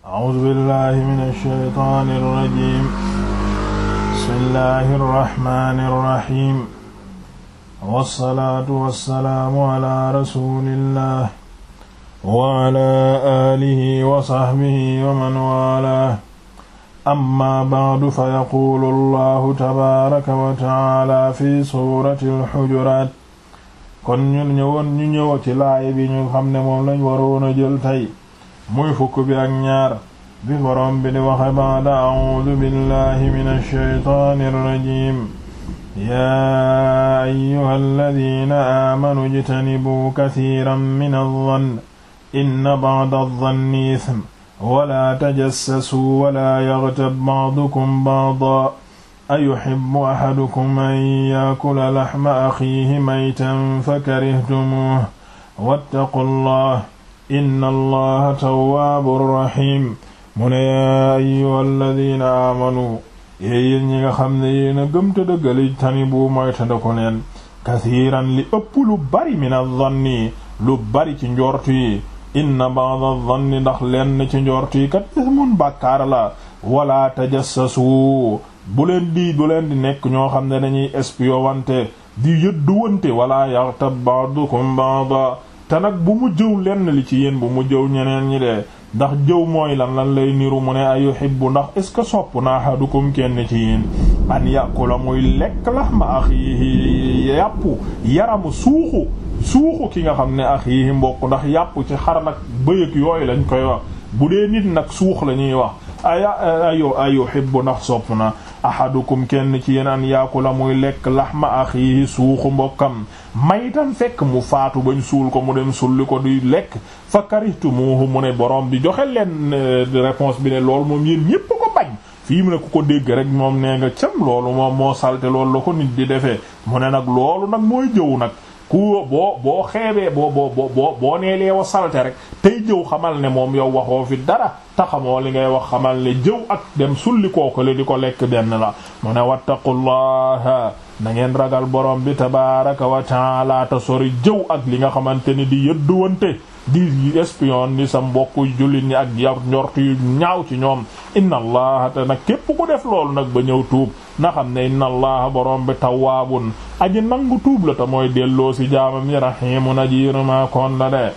A'uuzu billaahi mina shaytaani rajiim. Bismillaahi rahmaani rahiim. Wassalaatu wassalaamu alaa rasuulillaah. Wa alaa aalihi wa sahbihi wa man waalaah. Ammaa ba'du fayaquulu Allaahu tabaaraka wa ta'aalaa fi suuratil Hujuraat. Kon ñu ñëwoon ñu ñëw ci laay bi ñu xam ne moom lañ waroon a jël tey. muy fukk bi ak ñaar bi borom bi di waxe baada a'uudu billahi min alshaytaani irrajim yaa ayyuha alladina aamanu ijtanibuu kathiran min aldann inna ba'da aldanni ithm wala tajassasuu wala yaghtab ba'dukum ba'dan ayuhibbu ahadukum an yaakula laxma axiihi maytan fakarihtumuuh wattaqu llah inna allaha tawwaabur rahiim mu ne yaa ayyuha aamanu yéen ñi nga xam ne yéen a gëm te dëggali tani bu mooy te li ëpp lu bari min az-zanni lu bari ci njortu yi inna ba'd az-zanni ndax ci njortu kat ismun bàkkaar la wala tajassasu bu leen di nekk ñoo xam ne dañuy wante di yëddu wante wala yaxtab ba'dukum ba'da te nag bu mu jëw lenn li ci yéen bu mu jëw ñeneen ñi de ndax jëw mooy lan lan lay niru mu ne ayu xibbu ndax est ce que sopp naaxadukum kenn ci yéen an yàqula muy lekk laxma axiihi yàpp yaramu suuxu suuxu ki nga xam ne axiihi mbokk ndax yàpp ci xar nag bëyëg yooyu lañ koy wax bu dee nit nag suux la ñuy wax aya ayo eh, ayuhibbu ndax sopp na ahadukum kenn ci yéen an yaakula muy lekk lahma axiihi suuxu mbokkam maytan fekk mu faatu bañ suul ko mu dem sulli ko di lekk fa karihtumuhu mu ne borom bi joxe leen eh, réponse bi ne loolu moom yéen ñépp ko bañ fii mu ne ku ko dégg rek moom nee nga cam loolu moom moo salte loolu la ko nit di defee mu ne nag loolu nag mooy jëw nag ku boo boo xeebee boo boo boo boo wa salte rek tey jëw xamal ne moom yow waxoo fi dara te li ngay wax xamal ne jëw ak dem sulli kooku le di ko lekk benn la mu ne wattaqullaha na ngeen ragal borom bi tabaraka wa taala ta sori jëw ak li nga xamante ni di yëdduwante di espion ni sa mbokk jullit ñi ak yar njort yu ñaaw ci ñoom inna allaha te nag képp ko def loolu nag ba ñëw tuub na xam ne inna allaha borom bi tawaabun aji nangu tuub la te mooy delloo si jaamam yi rahimun ajiiruma kon la de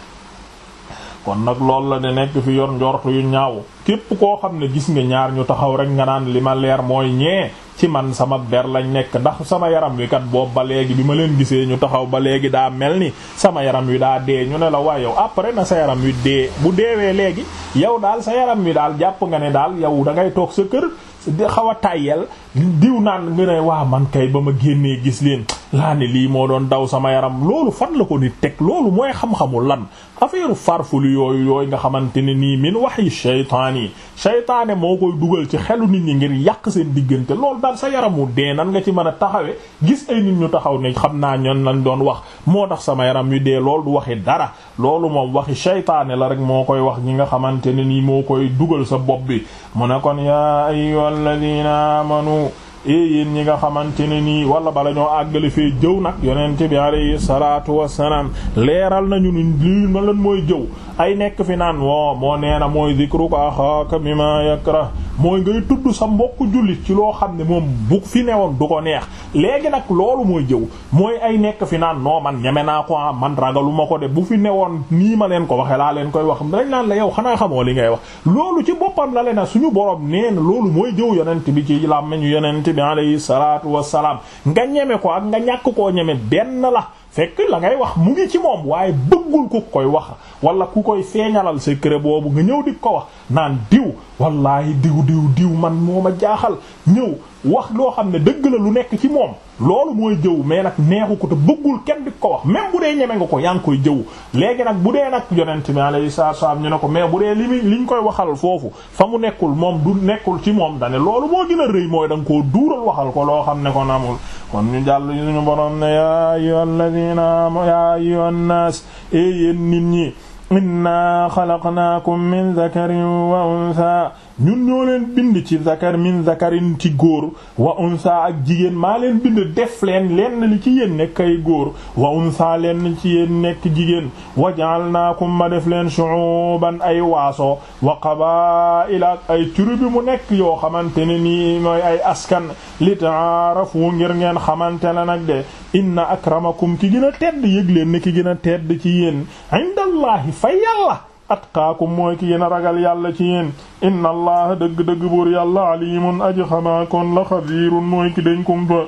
kon nag loolu la de nekk fi yor njort yu ñaaw képp koo xam ne gis nga ñaar ñu taxaw rek nga naan li ma leer mooy ñee ci man sama ber lañ nekk ndax sama yaram wi kat boobu ba léegi bi ma leen gisee ñu taxaw ba léegi daa mel ni sama yaram wi daa dee ñu ne la waa yow après na sa yaram wi dee bu deewee léegi yow daal sa yaram wi daal jàpp nga ne daal yow dangay toog sa kër di xaw a tàyyel diw naan nga ne waa man kay ba ma génnee gis leen laa ne lii moo doon daw sama yaram loolu fan la ko nit teg loolu mooy xam-xamu lan affaire farfuli yooyu yooyu nga xamante ne nii min waxi shaytaan yi shaytaane moo koy dugal ci xelu nit ñi ngir yàq seen diggante loolu daal sa yaramu dee nan nga ci mën a taxawee gis ay ñu taxaw ne xam naa ñan lañ doon wax moo tax sama yaram yu dee loolu du dara loolu moom waxi shaytaane la rek moo koy wax ñi nga xamante ne nii moo koy dugal sa bopp bi mu ne kon yaa ayyuhal ladina amanu ee yéen ñi nga xamante ne nii wala bala ñoo àggale fee jëw nag yonent bi alayhi salaatu wassalaam leeral nañu ni lii ma lan mooy jëw ay nekk fi naan wo moo nee na mooy zikruka axaaka bima yakrah mooy ngay tudd sa mbokk jullit ci loo xam ne moom bu fi ne woon du ko neex léegi nag loolu mooy jëw mooy ay nekk fi naan non man ñeme naa ko ah, man ragalu ma ko de bu fi ne newoon nii ma leen ko waxee laa leen koy wax dañ naan la yow xanaa xamoo li ngay wax loolu ci boppam la leen suñu borom nee na loolu mooy jëw yonent bi ci làmmiñu yonent bi alayhi salaatu wassalaam nga ñeme ko ak nga ñàkk koo ñeme benn la fekk la ngay wax mu ngi ci moom waaye bëggul ku koy wax wala ku koy feeñalal secret boobu nga ñëw di ko wax naan diw wallaahi diw diw diw man moo ma jaaxal ñëw wax loo xam ne dëgg la lu nekk ci moom loolu mooy jëw mais nag neexu ko te bëggul kenn di ko wax même bu dee ñeme nga ko yaa ngi koy jëw léegi nag bu dee nag yonent bi alayhi salaatu salaam ñu ne ko mais bu dee li muy li ñu koy waxal foofu fa mu nekkul moom du nekkul ci moom dane loolu moo gën a rëy mooy da koo duural waxal ko loo xam ne kon amul kon ñu jàll ñu borom ne yaa ayyuhal ladina ya ayyuhan nas e yéen nit ñi inna xalaqnaakum min zakarin wa unsa ñun ñoo leen bind ci zakar min zakarin ci góor wa unsa ak jigéen maa leen bind def leen lenn li ci yéen nekk ay góor wa unsa lenn ci yéen nekk jigéen wa ja'alnaakum ma def leen shu'uban ay waaso wa qabaa'ila ak ay tribu mu nekk yoo xamante ne nii mooy ay askan li ta'aarafu ngir ngeen xamante la nag de inna akramakum ki gën a tedd yëg leen ne ki gën a tedd ci yéen indallahi fa yàlla atqaakum mooy ki gën a ragal yàlla ci yéen inna allaha dëgg-dëgg buur yàlla alimun aji xamaa kon la xabiirun mooy ki dañ kumpa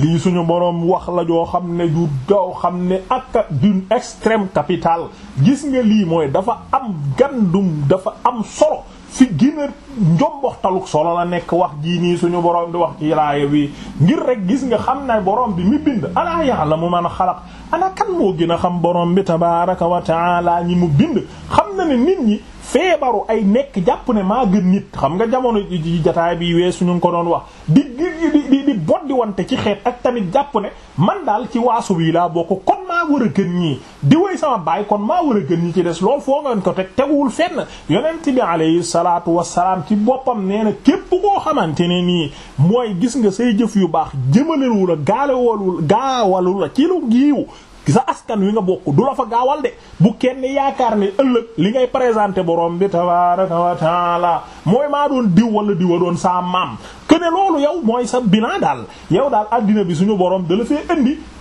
lii suñu boroom wax la joo xam ne du daw xam ne ak d'une extrême capitale gis nga lii mooy dafa am gandum dafa am solo fi gina njomboxtaluk solo la nekk wax jii nii suñu borom di wax ci laaya wi ngir rek gis nga xam ne borom bi mi bind alaa ya'lamu man a ana kan moo gën a xam borom bi tabaaraka wa ta'ala ñi mu bind xam na ne nit ñi feebaru ay nekk jàpp ne maa gën nit xam nga jamono ji jataay bi weesu suñu ngi ko doon wax di di di di boddi wante ci xeet ak tamit jàpp ne man daal ci waasu wi laa bokk war a gën ñii di way sama baay kon maa war a gën ñi des loolu foo ngeen ko teg teguwul fenn yonent bi alayhi salaatu wasalaam ci boppam nee na képp koo xamante ne nii mooy gis nga sey jëf yu baax jëmalewu la gaalewoolul gaawalu la ci lu giiw sa askan wi nga bokk du la fa gaawal de bu kenn yaakaar ne ëllëg li ngay présenté borom bi tabaraka wa taala mooy maa doon diw wala diwa doon sa maam que ne loolu yow mooy sa bilan daal yow daal addina bi suñu borom da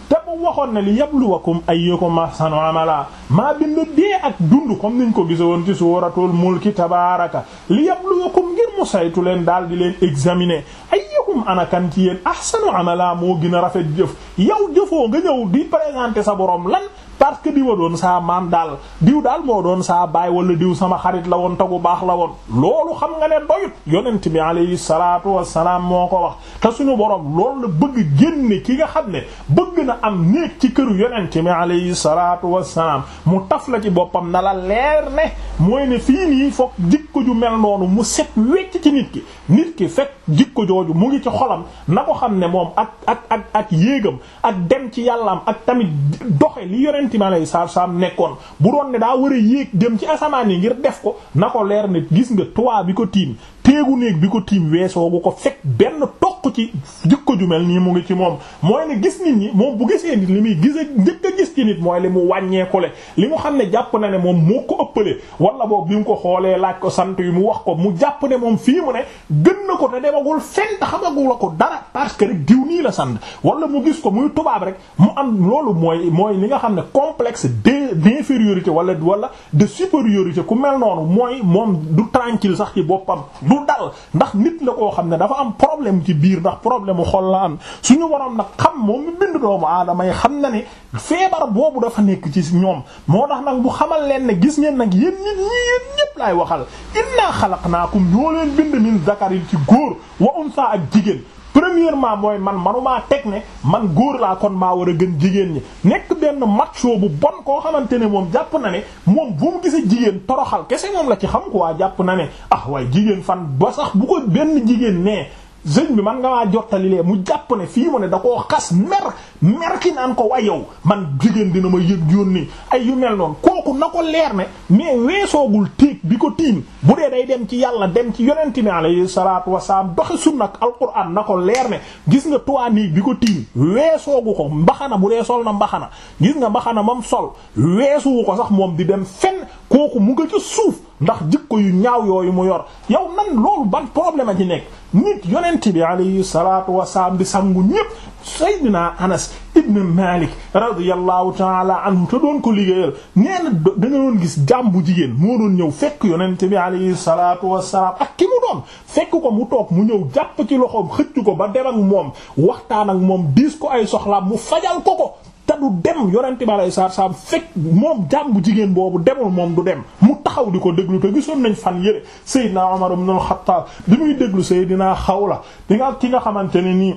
te mu waxoon ne li yabluwakum ayyukum ahsanu amala maa bind dee ak dund comme niñ ko gise woon ci suuratul mulki tabaaraka li yabluwakum ngir mu saytu leen daal di leen examiner ayyukum anakan ci yéen ahsanu amala moo gën a rafet jëf yow jëfoo nga ñëw di présenter sa borom lan parce que diwa doon saa maam daal diw daal moo doon saa baay wala diw sama xarit la woon tagu baax la woon loolu xam nga ne doyut yonent bi alayhi salaatu wassalaam moo ko wax te suñu boroom lool la bëgg génne ki nga xam ne bëgg na am néeg ci këru yonent bi alayhi salaatu wassalaam mu taf la ci boppam na la leer ne mooy ne fii nii foog jikko ju mel noonu mu set wecc ci nit ki nit ki fekk jikko jooju mu ngi ci xolam na ko xam ne moom ak ak ak ak yéegam ak dem ci yàllaam ak tamit yonent mi alayhi salaatu salaam nekkoon bu doon ne daa war a yéeg dem ci asamaan yi ngir def ko na ko leer ne gis nga toit bi ko tiim téegu néeg bi ko tiim weesoo gu ko fekk benn soq ci jikko ju mel nii mu ngi ci moom mooy ne gis nit ñi moom bu gisee nit li muy gisee njëkk a gis ci nit mooy li mu le li mu xam ne jàpp na ne moom moo ko ëppale wala boobu bi mu ko xoolee laaj ko sant yi mu wax ko mu jàpp ne moom fii mu ne gën na ko te demagul fent xamagul ko dara parce que rek diw nii la sant wala mu gis ko muy tubaab rek mu am loolu mooy mooy li nga xam ne complexe d'infériorité wala wala de supériorité ku mel noonu mooy moom du tranquille sax ci boppam du dal ndax nit la koo xam ne dafa am problème ci biir ndax problème mu xol la am suñu waroon nag xam moom mi bind doomu aadama yi xam na ne feebar boobu dafa nekk ci ñoom moo tax nag bu xamal leen ne gis ngeen nag yéen nit ñi ñépp laay waxal inna xalaqnaakum ñoo leen bind min zakarin ci góor wa unsa ak jigéen premièrement mooy man manumaa teg ne man góor laa kon maa war a gën jigéen ñi nekk benn macho bu bon koo xamante ne moom jàpp na ne moom bu mu gisee jigéen toroxal kese moom la ci xam ko waa jàpp na ne ah waaye jigéen fan ba sax bu benn jigéen nee jeune bi man nga maa jottalilee mu jàpp ne fii mu ne da koo xas mer mer ki naan ko waa yow man jigéen dina ma yëg yónni ay yu mel noonu kooku na ko leer ne mais weesoogul téeg bi ko tiim bu dee day dem ci yàlla dem ci yonent bi alayhi salaatu wasalaam doxi sunnak alquran na ko leer ne gis nga tuwaa niig bi ko tiim weesoogu ko mbaxana bu dee sol na mbaxana gis nga mbaxana moom sol weesuwu ko sax moom di dem fen kooku mu nga ca suuf ndax jikko yu ñaaw yooyu mu yor yow nan loolu ban problème a ci nekk nit yonent bi alayhi salaatu wasalaam di sangu ñépp Seydina Anas ibn Malik radiyallahu taala anhu te doon ko liggéeyal nee na da nga gis jàmm bu jigéen moo doon ñëw fekk yonent bi alayhi salaatu wasalaam ak ki mu doon fekk ko mu toog mu ñëw jàpp ci loxoom xëcc ko ba dem moom waxtaan ak moom diis ko ay soxlaam mu fajal ko ko te du dem yonente bi alei satu salaam fekk moom jàm bu jigéen boobu demul moom du dem mu taxaw di ko déglu te gisoon nañ fan yëre Seydina Umar ibn al-Khattab bi muy déglu Seydina Xawla di nga ki nga xamante ne nii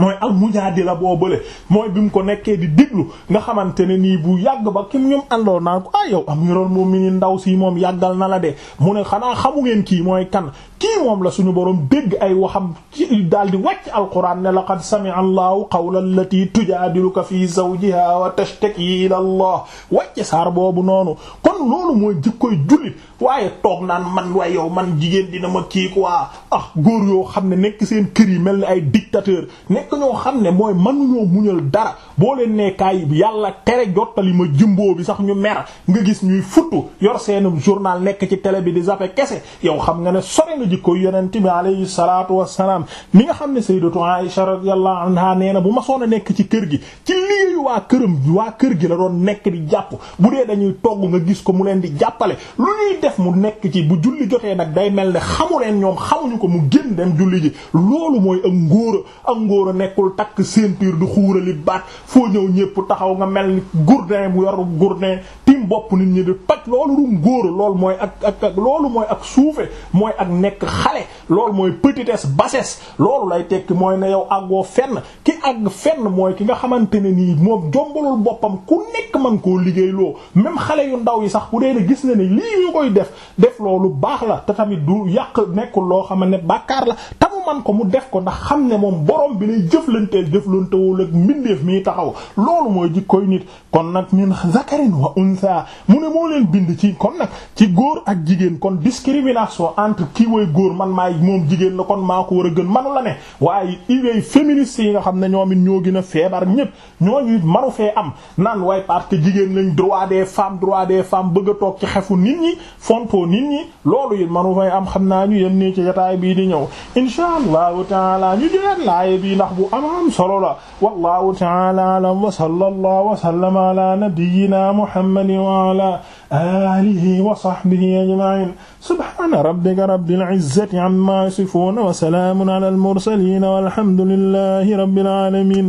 mooy al mujaadila boo bële mooy bi ko nekkee di diglu nga xamante ne nii bu yàgg ba kim ñoom àndoon naa ko ah yow amirul mu'minin ndaw si moom yàggal na la de mu ne xanaa xamu ngeen kii mooy kan moom la suñu borom dégg ay waxam daal di wàcc alquran ne laqad sami'a allahu qawla allati tujaadiluka fi zawjiha wa tashtaki ila allah wàcc saar boobu noonu kon loolu mooy jikkoy jullit waaye toog naan man waaye yow man jigéen dina ma kii quoi ah góor yoo xam ne nekk seen kër yi mel ni ay dictateur nekk ñoo xam ne mooy man mënuñoo muñal dara boo leen nee kaay yàlla tere jottali ma jumbo bi sax ñu mer nga gis ñuy futtu yor seenum journal nekk ci télé bi di zappe kese yow xam nga ne sore nga jikko yonent bi alayhi salaatu wassalaam mi nga xam ne sayyidatu Aisha radiyallahu anha nee na bu ma soona nekk ci kër gi ci liggéeyu waa këram waa kër gi la doon nekk di jàpp bu dee dañuy togg nga gis ko mu leen di jàppale def mu nekk ci bu julli jotee nag day mel xamu leen ñoom xamuñu ko mu génn dem julli ji loolu mooy ak ngóora ak a nekkul takk seen ceinture du xuurali baat foo ñëw ñépp taxaw nga mel ni gourdin bu yoru gourdin tiim bopp nit ñi di toj loolu dum góor lool mooy ak ak ak loolu mooy ak suufe mooy ak nekk xale lool mooy petitesse bassesse loolu lay tekki mooy na yow àggoo fenn ki àgg fenn mooy ki nga xamante ne nii moo jombalul boppam ku nekk man koo liggéey loo même xale yu ndaw yi sax ku dee ne gis na ne lii ñu koy def def loolu baax la te tamit du yàq nekkul loo xam ne bàkkaar la mu man ko mu def ko ndax xam ne moom borom bi lay jëflanteel jëflantewul ak mbindeef mii taxaw loolu mooy jikkoy nit kon nag min zakarin wa unsa mu ne moo leen bind ci kon nag ci góor ak jigéen kon discrimination entre kii woy góor man maay moom jigéen la kon maa ko war a gën manu la ne waaye idée féministe yi nga xam ne ñoom it ñoo gën a feebar ñépp ñoo it manu fee am naan waaye parce que jigéen lañ droit des fem droit des femmes bëgg a toog ci xefu nit ñi fontoo nit ñi loolu it am xam naa ñu yem bii di ñëw wallahu taala ñu jëlaat laaye bii ndax bu am am solo la wallahu taala alam wa sallallahu wa sallama ala nabiyyina muhammadin wa ala alihi wa sahbihi ajma'in subhana rabbika rabbil izzati amma yasifun wa salamun ala al mursalin walhamdulillahi rabbil alamin